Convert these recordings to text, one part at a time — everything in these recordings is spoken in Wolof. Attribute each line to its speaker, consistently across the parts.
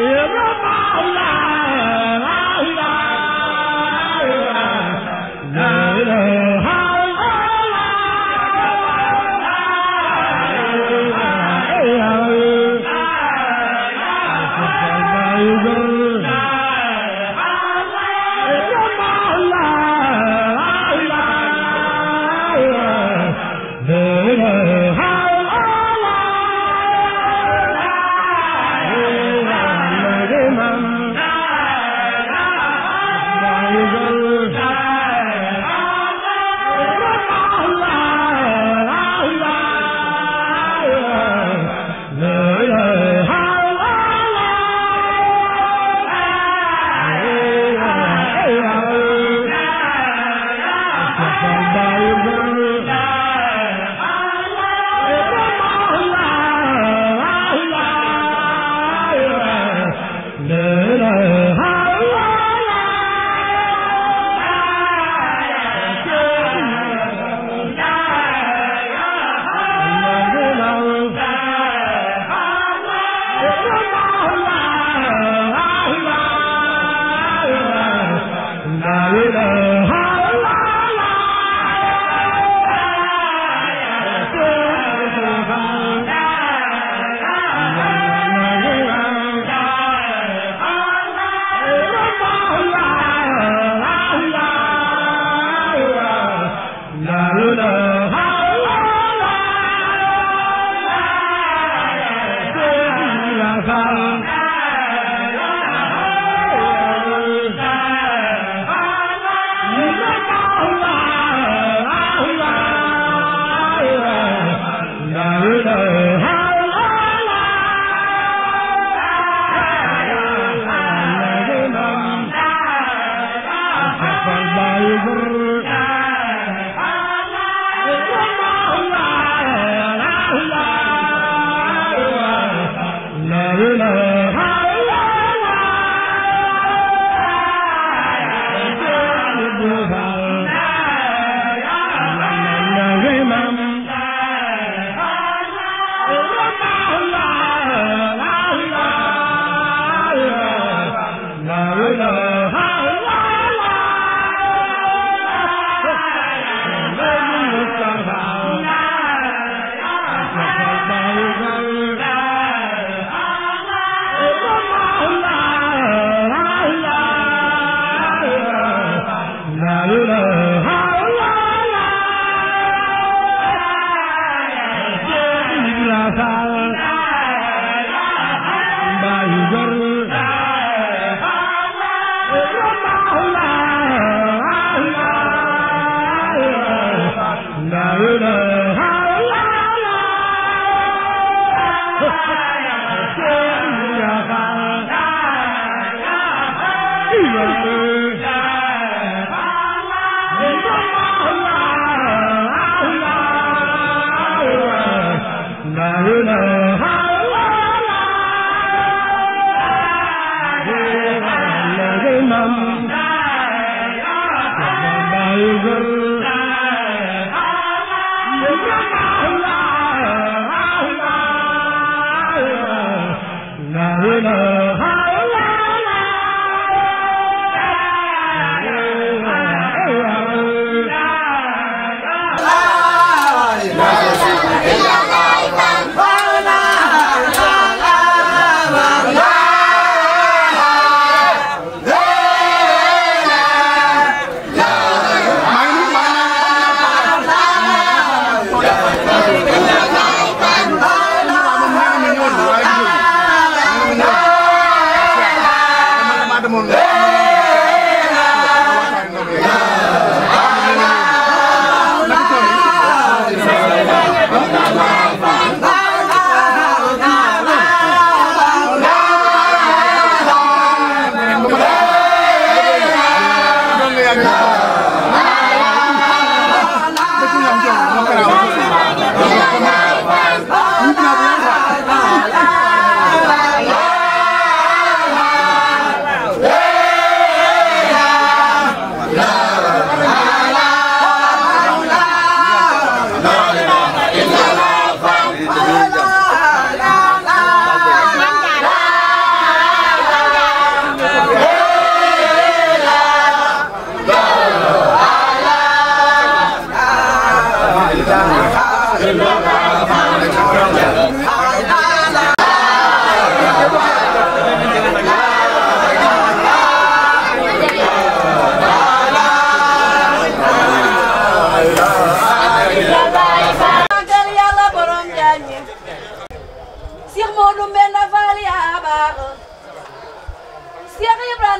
Speaker 1: يا مولاي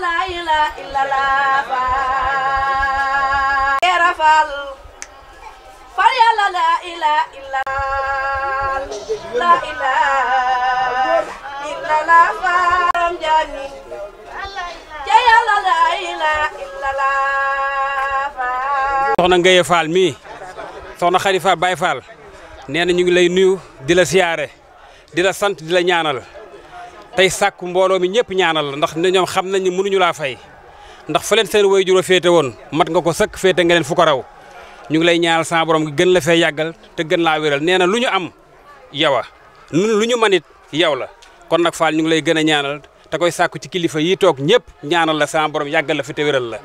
Speaker 2: la ilaha illallah
Speaker 1: fa
Speaker 3: erafal far yàlla la ilaha illallah la ilaha illallah faram jani
Speaker 1: ca yàlla la ilaha illallah
Speaker 3: fa
Speaker 2: soxna Ngaye Fall mii soxna Khalifa Baye Fall nee na ñu ngi lay nuyu di la siyaare di la sant di la ñaanal tey sàkk mbooloo mi ñëpp ñaanal la ndax ñoom xam nañ ne mënuñu laa fay ndax fa leen seen waajur féete woon mat nga ko sëkk féete nga leen fu ko raw ñu ngi lay ñaanal sa borom gi gën la fee yàggal te gën laa wéral nee na lu ñu am yow a nun lu ñu yow la kon nag Fall ñu ngi lay gën a ñaanal te koy sàkku ci kilifa yi toog ñëpp ñaanal la sa borom yàggal la te wéral la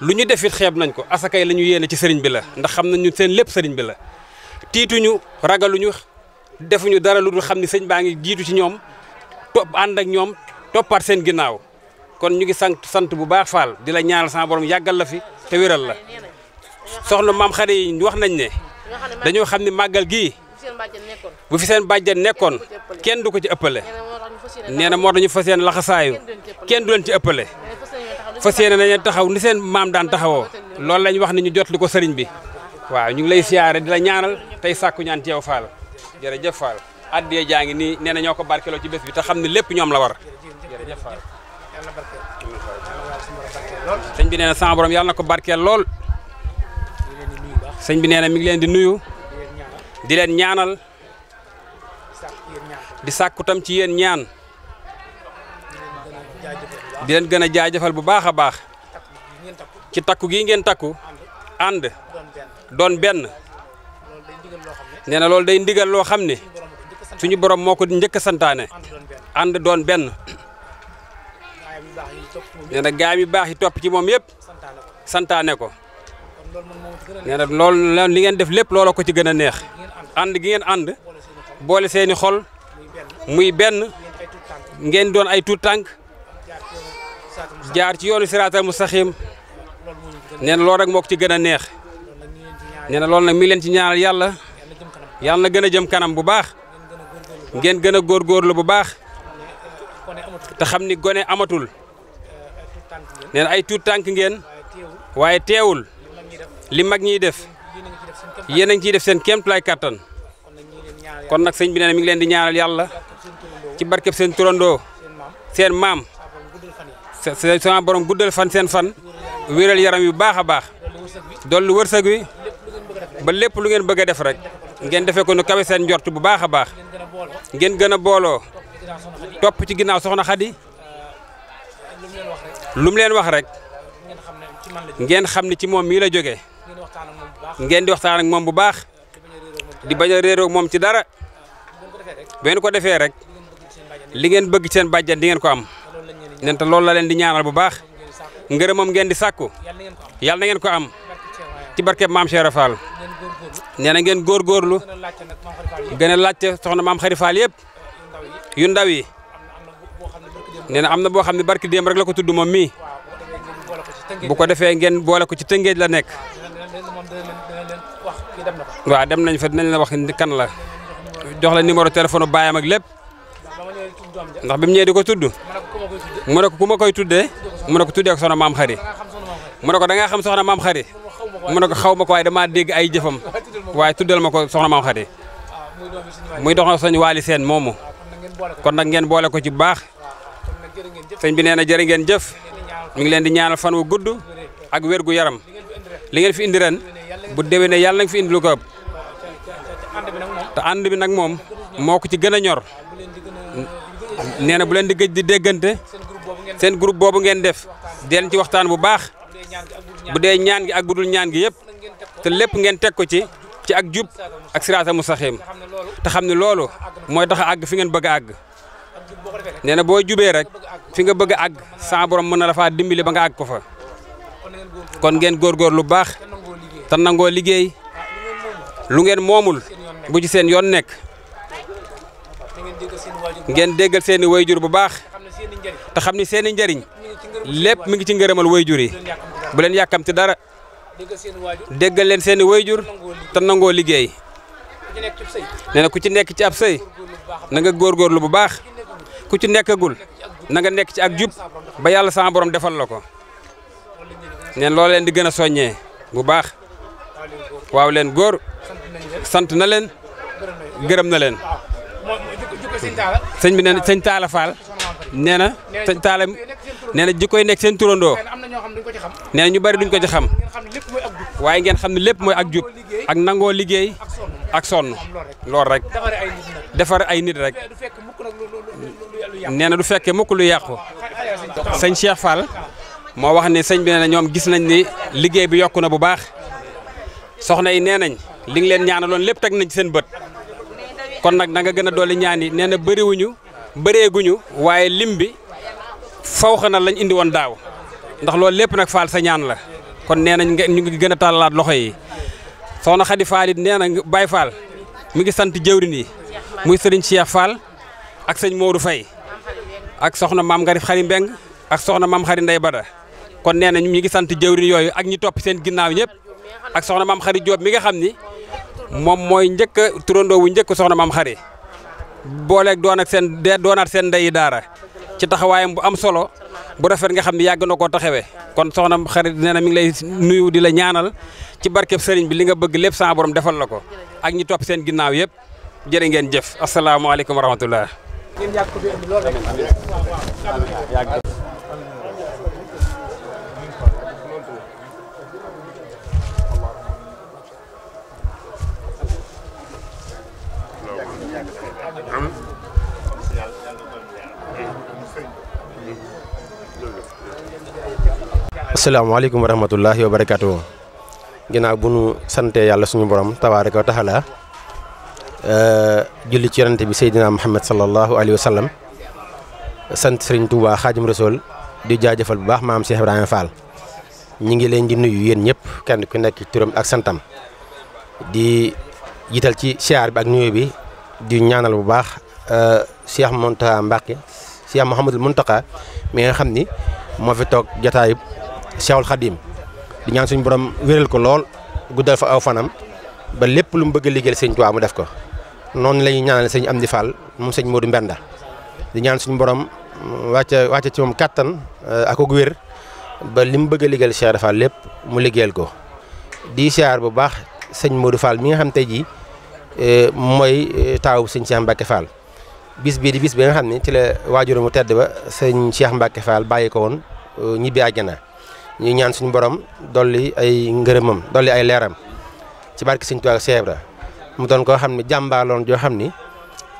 Speaker 2: lu ñu defit xeeb nañ ko asakay la ñu yéene ci sëriñ bi la ndax xam nañu seen lépp sëriñ bi la tiituñu ragaluñu defuñu dara lu dul xam ni sëñ baa ngi jiitu ci ñoom topp ànd ak ñoom toppaat seen ginnaaw kon ñu ngi sant sant bu baax Fall di la ñaanal sama borom yàggal la fi te wéral la soxna maam xare yi wax nañ ne
Speaker 1: dañoo xam ne màggal gii
Speaker 2: bu fi seen bàjjen nekkoon kenn du ko ci ëppale nee na moo dañu fas yéene laxasaayu kenn du ci ëppale fas yéene nañu taxaw ni seen maam daan taxawoo loolu lañ wax nañu jot li ko sëriñ bi waaw ñu ngi lay siyaare di la ñaanal tey sàkku ñaan ci yow addee jaa ngi nii nee ñoo ko barkeloo ci bés bi te xam ne lépp ñoom la war
Speaker 4: sëñ bi nee na sama borom
Speaker 2: yàlla na ko barkeel lool sëñ bi nee na mi ngi leen di nuyu di leen ñaanal di sàkku ci yéen ñaan di leen gën a jaajëfal bu baax a baax ci takku gii ngeen takku ànd doon benn nee na day ndigal loo xam ne suñu borom moo ko njëkk a santaane ànd doon benn nee na gaay baax yi topp ci moom yëpp santaane ko nee na loolu li ngeen def lépp loola ko ci gën a neex ànd gi ànd boole seeni xol muy benn ngeen doon ay tuut tànk jaar ci yoonu siraatal mustaqiim nee na lool rek moo ko ci gën a neex nee na loolu nag mi leen ci ñaar yàlla yàlla na gën a jëm kanam bu baax ngeen gën a góorgóorlu bu baax te xam ni gone amatul nee na ay tuut tànk ngeen waaye teewul li mag ñiy def yéen a ciy def seen kéemtulaay kàttan kon nag sëñ bi nee mi ngi leen di ñaanal yàlla ci barkeb seen turandoo seen maam sama borom guddal fan seen fan wéral yaram yu baax a baax lu wërsëg wi ba lépp lu ngeen bëgg a def rek ngeen defee ko nu kawe seen njort bu baax a baax ngeen gën a booloo topp ci ginnaaw soxna Xadi lu mu leen wax rek ngeen xam ne ci moom mii la jógee ngeen di waxtaan ak moom bu baax di bañ a réeroog moom ci dara bu ko defee rek li ngeen bëgg seen bàjjan di ngeen ko am nent loolu la leen di ñaanal bu baax ngërëmam ngeen di sàkku yàlla na ngeen ko am ci barkeb maam Cheikh nee na ngeen góorgóorlu gën a laajte soxna maam Xari Faal yépp yu ndaw yi nee na am na boo xam ne barki démb rek la ko tudd moom mii bu ko defee ngeen boole ko ci tëngeej la nekk waaw dem nañ fa nañ la wax kan la jox la numéro téléphone baayam ak lépp ndax bi mu ñëwee di ko tudd mu nekk ko ku ma koy tuddee mu ne tuddee ak soxna maam Xari mu ne ko da ngaa xam soxna maam Xari mu ne xaw ma ko waaye damaa dégg ay jëfam waaye tuddal ma ko soxna maam Xadi muy dox na sëñ Waly moomu kon nag ngeen boole ko ci baax sëñ bi nee na jërë ngeen jëf mu ngi leen di ñaanal fan wu gudd ak wér gu yaram li ngeen fi indi ren bu déwénee yàlla nañ fi indi lu ko te ànd bi nag moom moo ko ci gën a ñor nee na bu leen di gëj di déggante seen groupe boobu ngeen def di leen ci waxtaan bu baax bu dee ñaan gi ak dul ñaan gi yëpp te lépp ngeen teg ko ci ci ak jub ak siraata mustaxim te xam ne loolu mooy tax a àgg fi ngeen bëgg a àgg nee na boo jubee rek fi nga bëgg àgg sa borom mën na la faa dimbali ba nga àgg ko fa kon ngeen góor góor lu baax te nangoo liggéey lu ngeen moomul bu ci seen yoon nekk ngeen déggal seeni wayjur bu baax te xam ni seeni njariñ lépp mu ngi ci ngërëmal wayjur yi bu leen yàkkamti dara déggal leen seen i wayjur te nangoo liggéey nee na ku ci nekk ci ab sëy na nga góorgóorlu bu baax ku ci nekkagul nanga nga nekk ci ak jub ba yàlla sama borom defal la ko neen loo leen di gën a soññee bu baax waaw leen góor sant na leen gërëm na leen sëñ bi nee na sëñ nee na jikko nekk seen turandoo nee na ñu bari duñ ko ci xam waaye ngeen xam ne lépp mooy ak jub ak nangoo liggéey ak sonn loolu rek defar ay nit rek nee na du fekkee mukk lu yàqu sëñ Cheikh Fall moo wax ne sëñ bi nee ñoom gis nañ ni liggéey bi yokku na bu baax soxna yi nee nañ li nga leen ñaanaloon lépp teg nañ ci seen bët kon nag danga nga gën a ñaan yi nee na bëriwuñu bëreeguñu waaye lim bi faw xanaa lañ indi woon daaw ndax loolu lépp nag faal sa ñaan la kon nee nañ ñu ngi gën a tàllalaat loxo yi soxna Xadi Faal it nee na Baay Faal mu ngi sant jëwrin yi muy sëriñ Cheikh Fall ak sëñ Modou Faye ak soxna maam Ngari Xari Mbeng ak soxna maam Xari Ndey Bada kon nee nañ ñu ngi sant jëwrin yooyu ak ñi topp seen ginnaaw ñëpp ak soxna maam Xari Joob mi nga xam ni moom mooy njëkka turandoo wu njëkk soxna maam Xari booleeg doon ak seen doonaat seen ndeyi daara ci taxawaayam bu am solo bu rafet nga xam ne yàgg na koo taxawee kon soxna xarit nee mi ngi lay nuyu di la ñaanal ci barkeb sëriñ bi li nga bëgg lépp sa borom defal la ko ak ñi topp seen ginnaaw yëpp jërë ngeen jëf asalaamaaleykum wa rahmatullah
Speaker 5: asalaamaaleykum wa rahmatullahi wa barakaatu. ginnaaw bu nu santee yàlla suñu borom tabaaraka wa taala eh, julli ci yonante bi Seydina Muhammad sallallahu alayhi wa sallam sant Serigne Touba Xaadimu Rasuul di jaajëfal bu baax maam Cheikh Ibrahima Fall. ñi ngi leen di nuyu yéen ñëpp kenn ku nekk turam ak santam di jiital ci siyaar bi ak nuyu bi di ñaanal bu baax eh, Cheikh Mountakha Mbacké Cheikh Mouhamadul Mountakha mi nga xam ni moo fi toog jotaayu Cheikhul Khadim di ñaan suñu borom wéral ko lool guddal fa aw fanam ba lépp lu mu bëgg a liggéeyal sëñ Tuubaa mu def ko noonu la ñuy ñaanal sëñ Amdi Fall moom sëñ Modou Mbenda di ñaan suñu borom wàcce wàcce ci moom kattan euh, ak ak wér ba li mu bëgg a liggéeyal Cheikh lépp mu liggéeyal ko di siyaar bu baax sëñ Modou Fall mi nga xam tey jii euh, mooy euh, taawu sëñ Cheikh Mbacke Fall bis bii di bis bi nga xam ne ci la waajur mu tedd ba sëñ Cheikh Mbacke Fall bàyyi ko woon ñibbi àjjana ñu ñaan suñu borom dolli ay ngërëmam dolli ay leeram ci barke Sëñ Tuubaa Cheikh Ibra mu doon koo xam ne jàmbaaloon joo xam ni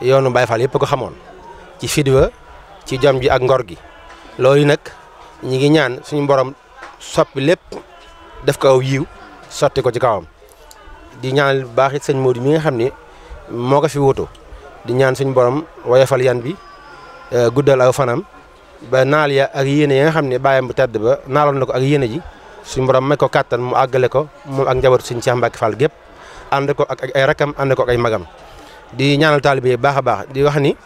Speaker 5: yoonu Baye Fall yëpp ko xamoon ci fidwa ci jom ji ak ngor gi loolu nag ñu ngi ñaan suñu borom soppi lépp def ko aw yiw sotti ko ci kawam di ñaan bu baax it sëñ Modou mi nga xam ni moo ko fi wutu di ñaan suñu borom woyofal yan bi eh, guddal aw fanam ba naal ya ak yéene ya nga xam ne bàyyam bu tedd ba naaloon na ko ak yéene ji suñ borom may ko kàttan mu àggale ko moom ak njabootu suñu Cheikh Mbacke Fall gépp ànd ko ak ay rakam ànd ko ak ay magam di ñaanal taalibe yi baax a baax di wax ni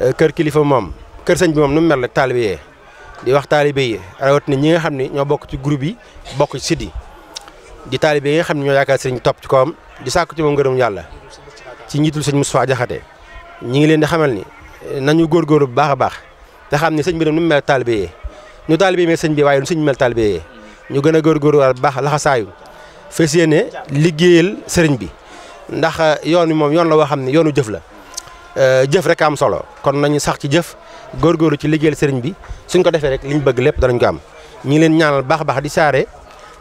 Speaker 5: euh, kër kilifa moom kër sëñ bi moom nu mu mel rek taalibe yee di wax taalibe yi rawatina ñi nga xam ne ñoo bokk ci groupe yi bokk ci site yi di taalibe yi nga xam ne ñoo yaakaar sëñ topp ci kawam di sàkku ci moom ngërëm yàlla ci njiitul sëñ Moustapha Jaxate ñi ngi leen di xamal ni nañu góorgóorlu bu baax a baax te xam ne sëñ bi dem nu mu mel taalibe yee ñu taalibe yi sëñ bi waaye nu sëñ bi mel taalibe yee ñu gën a góorgóorluwaat bu baax laxasaayu fas yéene liggéeyal sëriñ bi ndax eh, yoon wi moom yoon la woo xam ne yoonu jëf la eh, jëf rek am solo kon nañu sax ci jëf góor góoru ci liggéeyal sëriñ bi suñ ko defee rek liñ bëgg lépp danañ ko am ñu ngi leen ñaanal baax baax di saare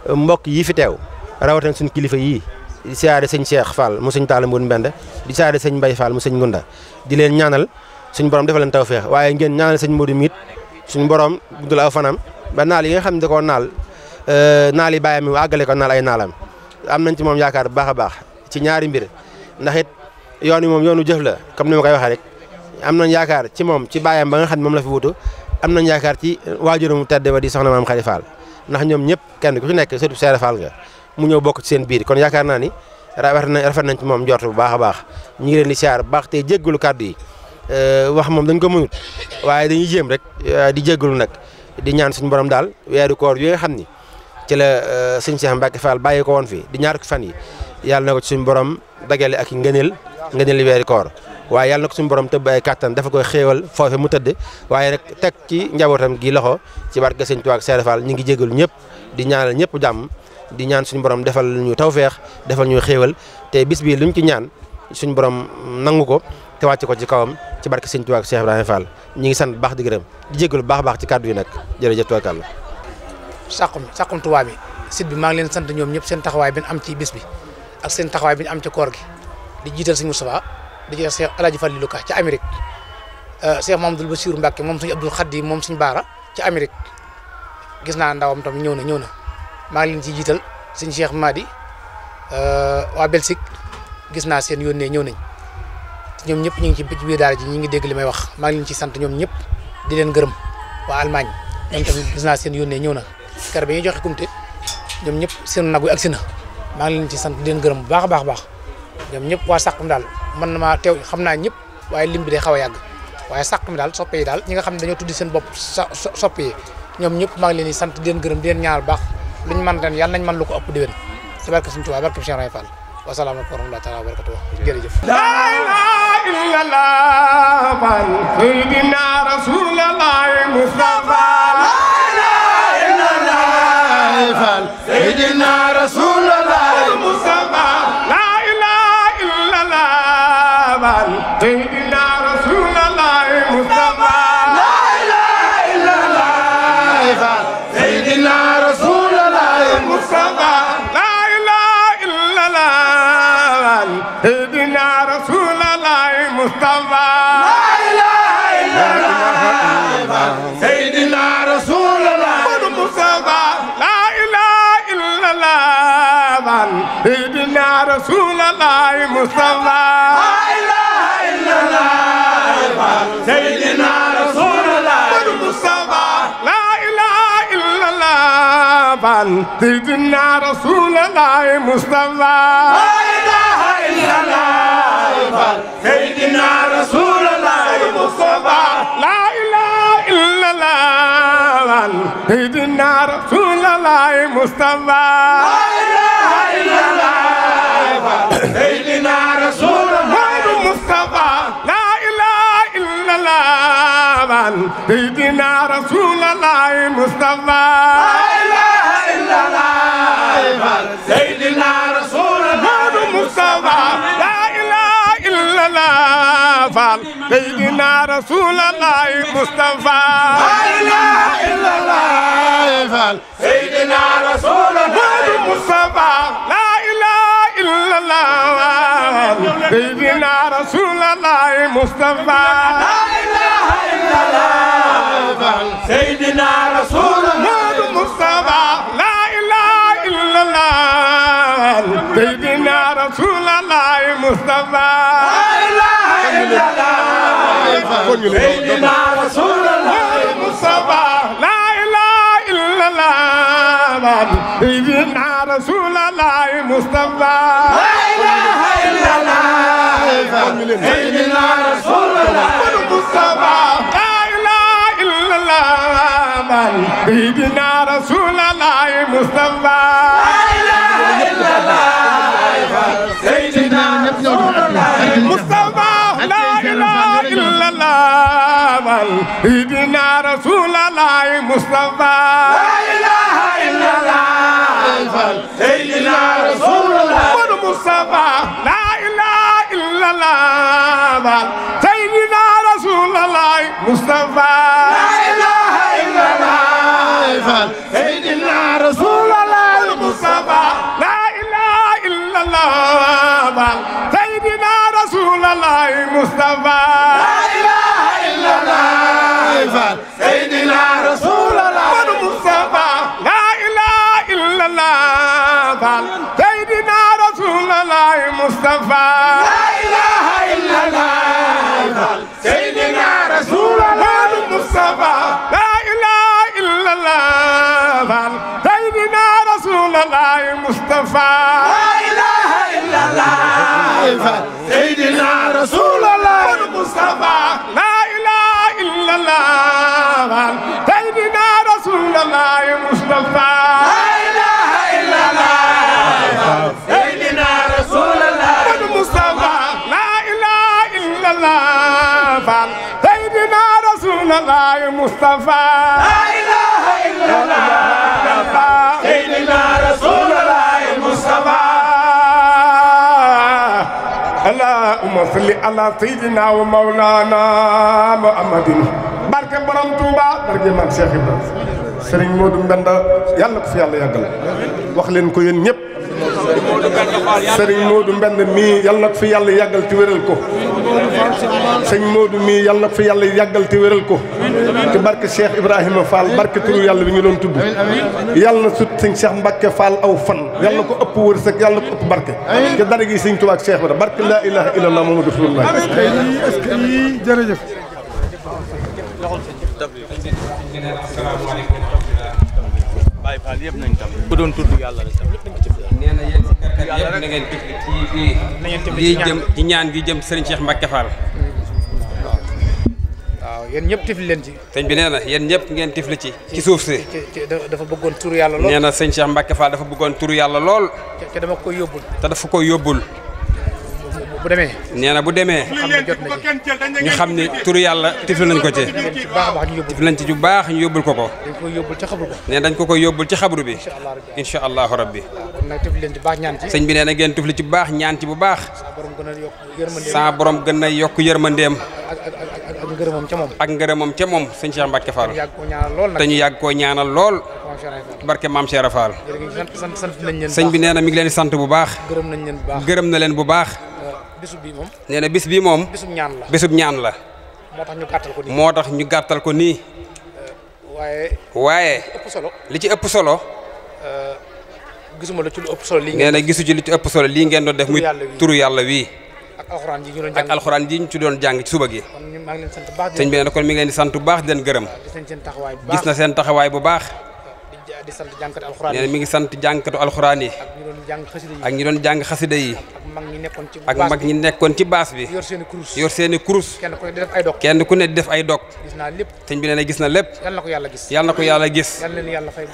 Speaker 5: eh, mbokk yi fi teew rawatina suñ kilifa yii di sëñ Cheikh Fall mu sëñ Talla Mbend di siyaare sëñ Mbaye Fall mu sëñ di leen ñaanal suñu borom defal leen tawféex waaye ngeen ñaan sëñ Modou mi it suñu borom guddal aw fanam ba naal yi nga xam ne da koo naal euh, naal yi bàyyam mi àggale ko naal ay naalam am nañ ci moom yaakaar bu baax a baax ci ñaari mbir ndax it yoon wi moom yoonu jëf la comme ni ma koy waxee rek am nañ yaakaar ci moom ci bàyyam ba nga xam ne moom la fi wutu am nañ yaakaar ci waajuram tedd ba di soxna maam Khady Fall ndax ñoom ñëpp kenn ku ci nekk surtout Serigne Fall nga mu ñëw bokk ci seen biir kon yaakaar naa ni rafet nañ ci moom njort bu baax a baax ñu ngi leen di siyaar bu baax te jéggalu kàddu yi Eh, wax moom dañ ko mënut waaye dañuy jéem rek eh, di jéggalu nag di ñaan suñu borom daal weeru koor yi nga xam ni ci la eh, sëñ Cheikh Mbacke Fall bàyyi ko woon fii di ñaar ko fan yi yàlla na ko ci suñu borom dagale ak ngëneel ngëneel weeru koor waaye yàlla suñu borom tëbb ay kattan dafa koy xéewal foofe mu tëdd waaye teg ci njabootam gi loxo ci barke sëñ Tuubaa ak ñu ngi jégalu ñëpp di ñaanal ñëpp jàmm di ñaan suñu borom defal ñu tawfeex defal ñu xéewal te bis bii luñ ci ñaan suñu borom nangu ko te wàcce ko ci kawam ci barke Sëñ Tuubaa ak Cheikh Ibrahima Fall ñi ngi sant bu baax di gërëm lu baax baax ci kàddu yi nag jërëjëf tubaarkàlla
Speaker 4: Saxum Saxum Touba bi site bi maa ngi leen sant ñoom ñëpp seen taxawaay bi ñu am ci bis bi ak seen taxawaay bi ñu am ci koor gi di jiital Sëñ Moustapha di jiital Cheikh El Hadj Fallilou Ka ca Amérique ba euh, Mamadou Bassirou Mbacké moom Sëñ Abdoul Khadi moom Sëñ Baara ci Amérique gis naa ndawam tam ñëw na ñëw na maa ngi leen jiital Sëñ Cheikh Madi euh, waa Belgique gis naa seen yónnee ñëw nañ ñoom ñëpp ñu ngi ci biir daara ji ñu ngi dégg li may wax maa ngi leen ci sant ñoom ñëpp di leen gërëm waa Allemagne ñoom tamit gis naa seen yónnee ñëw na kër bi ñuy joxe kumte ñoom seen nag wi agsi na maa ngi leen ci sant di gërëm bu baax a baax baax ñoom ñëpp waa Saxum daal mën na maa teew xam naa ñëpp waaye lim bi day xaw a yàgg waaye Saxum daal soppe yi daal ñi nga xam ne dañoo tuddi seen bopp soppe yi ñoom ñëpp maa leen di sant di leen gërëm di leen ñaanal baax luñ man ren yàlla nañ man lu ko ëpp déwén ci barke suñu Tuubaa barke Cheikh Ibra Fall wasalaamaaleykum wa rahmatulah taala wa barakatuh jërëjëf
Speaker 3: إلا الله سيدنا رسول الله مصطفى لا إله إلا الله سيدنا رسول الله مصطفى لا إله إلا الله سيدنا سيدنا رسول الله مصطفى لا اله
Speaker 1: الا الله سيدنا رسول الله
Speaker 3: مصطفى لا اله الا الله سيدنا رسول الله مصطفى لا اله الا الله سيدنا رسول الله مصطفى لا اله الا الله سيدنا رسول الله مصطفى سيدنا رسول الله مصطفى لا إله إلا الله سيدنا رسول الله مصطفى لا إله إلا الله سيدنا رسول الله مصطفى لا إله إلا الله سيدنا رسول الله مصطفى لا إله إلا الله سيدنا رسول الله مصطفى سيدنا رسول الله مصطفى لا إله إلا الله سيدنا رسول الله مصطفى لا إله إلا الله سيدنا رسول الله مصطفى لا إله إلا الله سيدنا رسول الله مصطفى لا إله إلا الله سيدنا رسول الله مصطفى سيدنا رسول الله المصطفى لا اله الا الله سيدنا رسول الله المصطفى لا اله الا الله سيدنا رسول الله المصطفى لا اله الا الله سيدنا رسول الله المصطفى لا اله الا الله سيدنا رسول الله المصطفى Sayyidina Rasulullah Mustafa allahumma salli ala sayyidina wa mawlana muhammadin barke borom Touba barke maam Cheikh Ibrahima Serigne Modou Mbenda yàlla ko fi yàlla yàggal wax leen ko yéen ñëpp sëriñ Modou mbenn mii yal na ko fi yàlla yàggal te wéral ko sëñ Modou mii yal na ko fi yàlla yàggal te wéral ko te barke seex Ibrahima Fall barke turu yàlla bi ñu doon tudd yal na sut sëñ Cheikh Mbacke Fall aw fan yal na ko ëpp wërsëg yal na ko ëpp barke te dara gi sëñ Tuubaa ak Cheikh Bara barke laa ilaha illallah Muhammadu rasulullah jërëjëf
Speaker 2: Baye Fall yëpp nañ tam doon tudd yàlla rek tam nee na yéen ñaan gi jëm Serigne Cheikh Mbacke Fall waaw
Speaker 4: yéen ñëpp tifli leen ci
Speaker 2: sëñ bi nee na yéen ñëpp ngeen tifli ci ci suuf si
Speaker 4: dafa bëggoon turu yàlla lool nee
Speaker 2: na sëñ Cheikh dafa bëggoon tur yàlla lool
Speaker 4: te dama koy yóbbul
Speaker 2: te dafa koy yóbbul bu demee. nee na bu demee.
Speaker 4: ñu xam ne turu yàlla tifli nañ ko ci.
Speaker 2: tifli nañ ci bu baax ñu yóbbul ko ko. nee dañ ko koy yóbbul ci xabru bi. incha allahu rabbi. sëñ bi nee na ngeen tifli ci bu baax ñaan ci bu baax. saa borom gën a yokk yërmandeem. ak ngërëmam ca moom. ak ngërëmam ca moom sëñ Cheikh Mbacke Fall. te ñu yàgg koo ñaana lool. barke maam Cheikh Fall. sëñ bi nee na mi ngi leen di sant bu baax. gërëm na leen bu baax. bisub bii moom. bis bii moom. bisub ñaan la bisub ñaan la.
Speaker 4: moo tax ñu gàttal ko
Speaker 2: nii moo tax ñu gàttal ko nii. Euh, waaye. waaye. li ci ëpp solo.
Speaker 4: Euh, gisuma lu ci lu ëpp ngeen. nee na
Speaker 2: gisu ci lu ci ëpp solo lii ngeen doon def. muy turu yàlla wii.
Speaker 4: ak alxuraan ji ñu
Speaker 2: ak alxuraan ji ñu ci doon jàng ci suba gi. kon
Speaker 4: maa ngi leen sant bu baax. sëñ bi nee kon mi
Speaker 2: ngi di sant bu baax di leen gërëm.
Speaker 4: gis na seen taxawaay gis na seen
Speaker 2: taxawaay bu baax.
Speaker 4: di sant jànkatu alxuraan yi nee ngi
Speaker 2: sant jànkatu alxuraan yi. ak ñi doon jàng xasida yi. ak mag ñi nekkoon ci baas bi. yor seeni kurus kenn ku ne di def ay dog kenn bi nee gis na lépp. yal na ko yàlla gis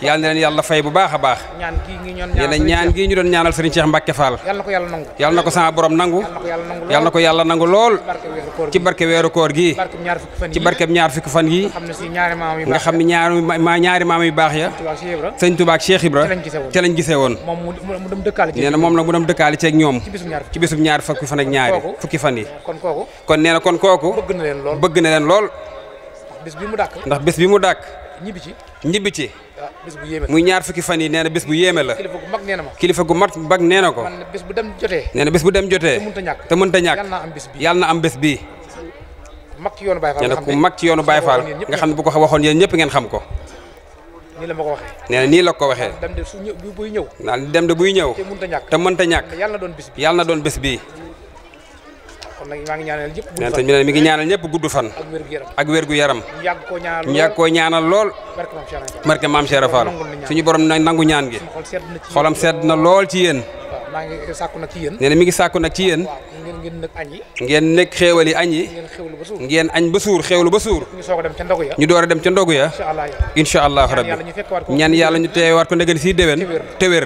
Speaker 2: yal na yàlla fay bu baax a baax.
Speaker 4: ñaan ñaan gii
Speaker 2: ñu doon ñaanal Serigne Cheikh Mbacke Fall.
Speaker 4: yal yal na
Speaker 2: ko sama borom nangu. yal na ko yàlla nangu lool ci barke weeru koor gi ci barkeb ñaar fukki fan yi nga xam ñaari maam yu baax ya Ibra sëñ Touba ak Cheikh Ibra ca lañ woon nee na moom nag mu dem dëkkaale ceeg ñoom ci bisub ñaar fukki fan ak ñaari fukki fan yi
Speaker 4: kon
Speaker 2: nee na kon kooku bëgg na leen lool ndax bés bi mu dàkk ñibbi ci ñibbi ci ah, muy ñaar fukki fan yi nee na bés bu yéeme la kilifa gu mat mag nee na ko nee na bés bu dem jotee te mënta ñaak yàlla na am bés bii
Speaker 4: nee na ku mag ci yoonu Baye Fall nga xam ne
Speaker 2: bu ko waxoon yéen ñëpp ngeen xam ko nii la ma ko nee nii la ko waxee
Speaker 4: dem de su ñëw buy ñëw
Speaker 2: naan dem de buy ñëw te mënta ñàkk te mënta ñàkk yàlla na doon bés bi yàlla na doon bés bii
Speaker 4: kon nag ngi ñaanal ñëpp gudd fan mi ngi
Speaker 2: ñaanal ñëpp gudd fan ak wér gu yaram ak wér gu yaram ñu yàgg koo ñaanal lool barke maam Cheikh Rafal na borom nangu ñaan gi xolam sedd na lool ci yéen
Speaker 4: maa ngi sàkku nag ci yéen nee na mi ngi
Speaker 2: sàkku nag ci yéen
Speaker 4: ngeen ngeen nag añ yi ngeen nekk xéewal
Speaker 2: añ ba suur xéewlu ba suur ñu a door a dem ca ndogu ya
Speaker 4: incha allah rabbi ñaan
Speaker 2: yàlla ñu teewaat ko ndegal fii déwén te wér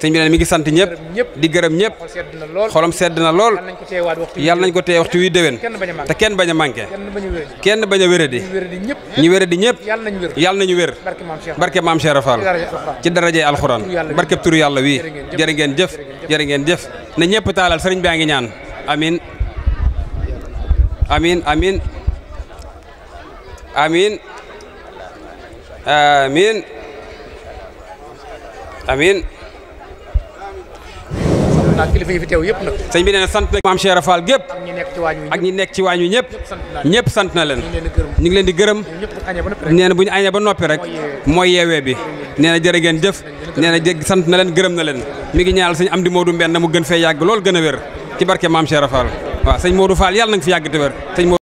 Speaker 2: sëñ bi nee mi ngi sant ñëpp di gërëm ñëpp
Speaker 4: xolam sedd na lool yàlla nañ ko teew wi déwén te kenn
Speaker 2: bañ a kenn bañ a wéradi ñu wéradi ñëpp yàlla nañu wér barke maam Cheikh ci daraje alxuraan barke turu yàlla wi jërë jëf jëf jërë jëf na ñëpp taalal sëriñ baa ngi ñaan amin amin amin amin
Speaker 1: amin
Speaker 2: amin
Speaker 4: yëpp nag.
Speaker 2: sëñ bi nee na sant na maam Cheikh Fall gépp ak ñi nekk ci waañ wi ñëpp ñëpp sant na leen ñu ngi leen di gërëm nee bu ñu añee ba noppi rek mooy yeewee bi nee na jëf nee na sant na leen gërëm na leen mi ngi ñaanal sëñ Amdi Modou Mbenn mu gën fee yàgg lool gën a wér ci barke maam Cheikh Fall waaw sëñ Modou Fall yàlla na nga fi yàgg te wér sëñ Modou